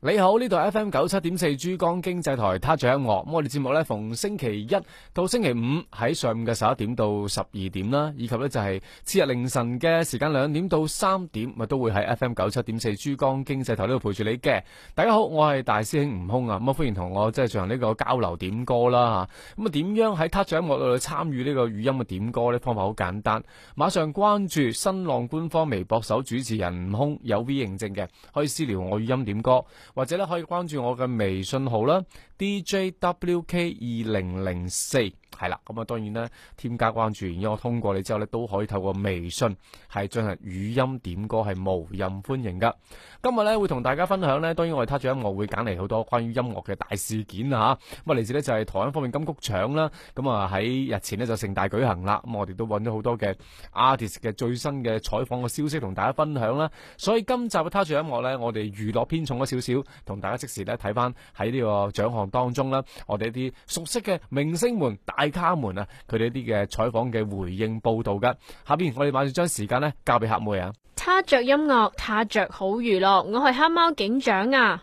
你好，呢度係 FM 九七點四珠江經濟台 touch 音樂。咁我哋節目呢，逢星期一到星期五喺上午嘅十一點到十二點啦，以及呢就係次日凌晨嘅時間兩點到三點，都會喺 FM 九七點四珠江經濟台呢度陪住你嘅。大家好，我係大師兄悟空啊！咁啊，歡迎同我即係進行呢個交流點歌啦吓。咁啊，點樣喺 touch 音樂度參與呢個語音嘅點歌呢？方法好簡單，馬上關注新浪官方微博，搜主持人悟空有 V 認證嘅，可以私聊我語音點歌。或者咧可以關注我嘅微信號啦，D J W K 二零零四。係啦，咁啊，當然咧，添加關注原因，然之後我通過你之後咧，都可以透過微信係進行語音點歌，係無任歡迎噶。今日咧會同大家分享呢，當然我哋 touch 音樂會揀嚟好多關於音樂嘅大事件啊嚇。咁啊，嚟自呢，就係、是、台灣方面金曲獎啦。咁啊喺、啊、日前呢，就盛大舉行啦。咁、啊、我哋都揾咗好多嘅 artist 嘅最新嘅採訪嘅消息同大家分享啦。所以今集嘅 touch 音樂呢，我哋娛樂偏重咗少少，同大家即時咧睇翻喺呢看看個獎項當中啦，我哋一啲熟悉嘅明星們卡們啊，佢哋一啲嘅採訪嘅回應報道噶，下邊我哋馬上將時間咧交俾黑妹啊，他着音樂，他着好娛樂，我係黑貓警長啊。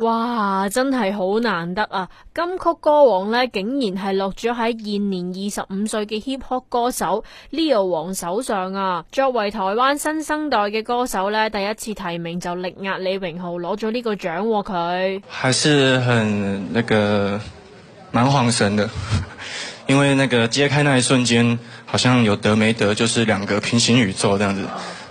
哇，真係好難得啊！金曲歌王呢，竟然係落咗喺現年二十五歲嘅 hip hop 歌手 Leo 王手上啊！作為台灣新生代嘅歌手呢，第一次提名就力壓李榮浩攞咗呢個獎啊，佢還是很那個蠻恍神的，因為那個揭開那一瞬間，好像有得沒得，就是兩個平行宇宙這樣子。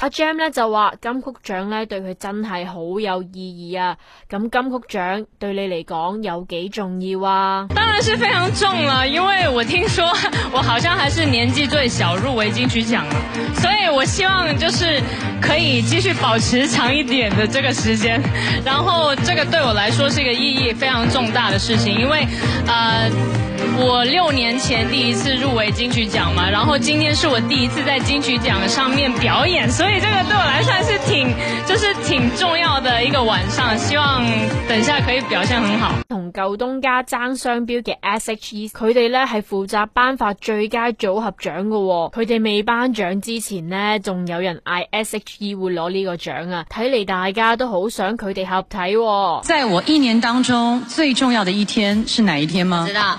阿 Jam 呢就話金曲獎呢對佢真係好有意義啊！咁金曲獎對你嚟講有幾重要啊？當然是非常重啦，因為我聽說我好像還是年紀最小，入圍金曲獎了，所以我希望就是可以繼續保持長一點的這個時間，然後這個對我來說是一個意義非常重大的事情，因為，呃。我六年前第一次入圍金曲獎嘛，然後今天是我第一次在金曲獎上面表演，所以這個對我來算是挺就是挺重要的一個晚上。希望等下可以表現很好。同舊東家爭商標嘅 S.H.E，佢哋呢係負責頒發最佳組合獎嘅喎。佢哋未頒獎之前呢，仲有人嗌 S.H.E 會攞呢個獎啊。睇嚟大家都好想佢哋合體喎。在我一年當中最重要的一天是哪一天嗎？知道。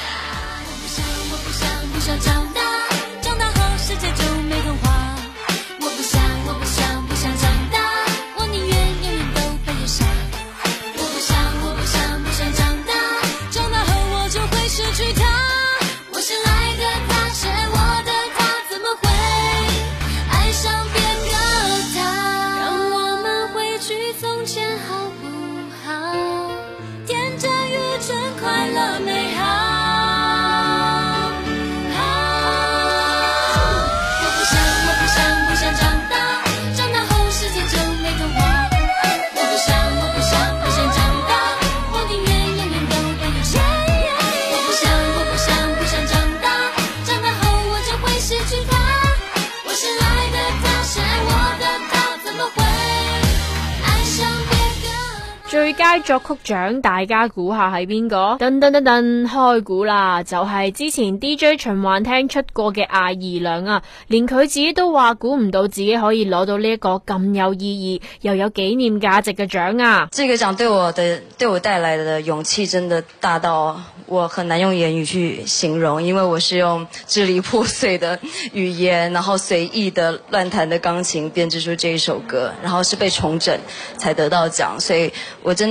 佳作曲獎，大家估下喺邊個？等等等等，開估啦，就係之前 D J 循環聽出過嘅艾怡良啊，連佢自己都話估唔到自己可以攞到呢一個咁有意義又有紀念價值嘅獎啊！呢個獎對我的對我帶來的勇氣，真的大到我很難用言語去形容，因為我是用支離破碎的語言，然後隨意的亂彈的鋼琴編織出這一首歌，然後是被重整才得到獎，所以我真。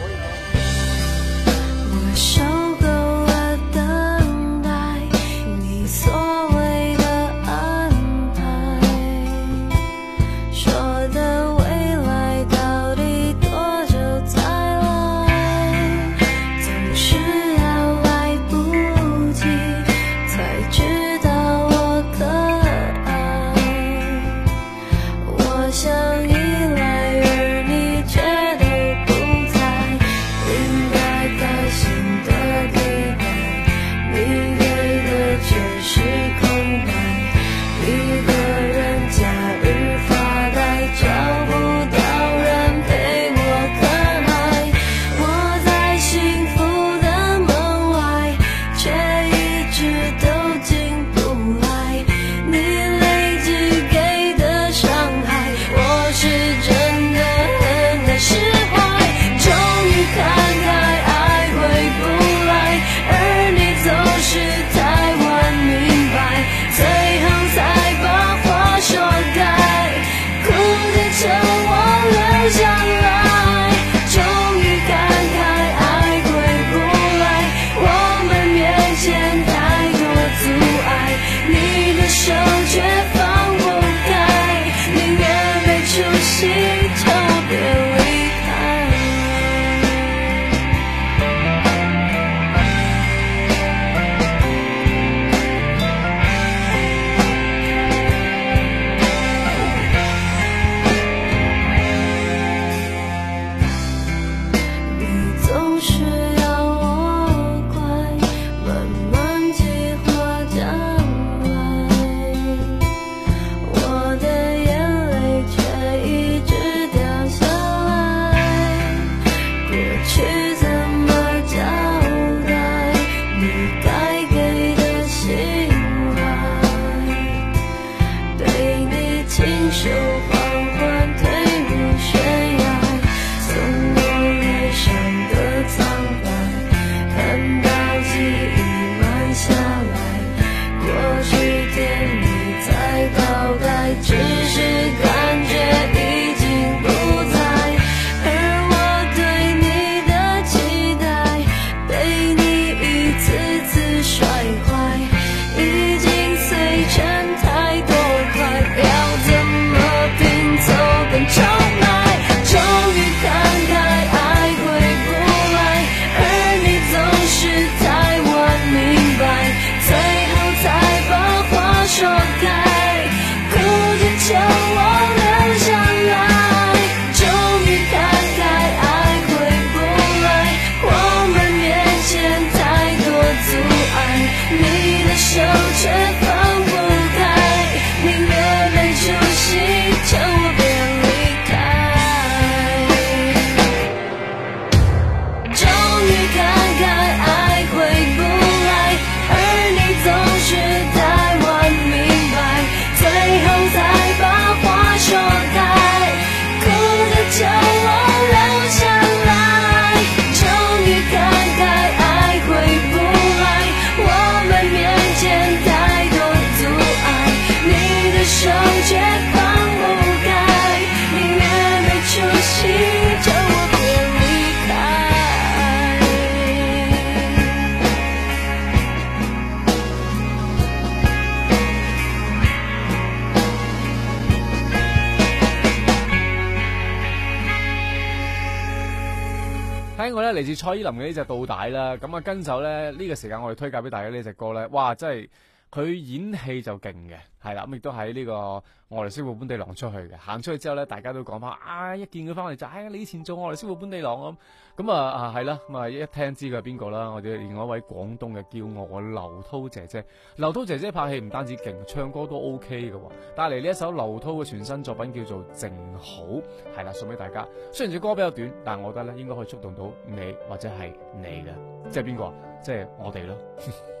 睇我咧，嚟自蔡依林嘅呢隻《倒帶》啦，咁啊跟手咧呢個時間，我哋推介俾大家呢隻歌咧，哇真係～佢演戲就勁嘅，係啦，咁亦都喺呢個外來媳婦本地郎出去嘅，行出去之後咧，大家都講翻，啊，一見佢翻嚟就，哎呀，你以前做外來媳婦本地郎咁，咁啊啊係啦，咁啊一聽知佢係邊個啦，我哋另外一位廣東嘅驕傲，劉濤姐姐，劉濤姐姐拍戲唔單止勁，唱歌都 OK 嘅，帶嚟呢一首劉濤嘅全新作品叫做靜好，係啦，送俾大家。雖然隻歌比較短，但係我覺得咧，應該可以觸動到你或者係你嘅，即係邊個，即係我哋咯。呵呵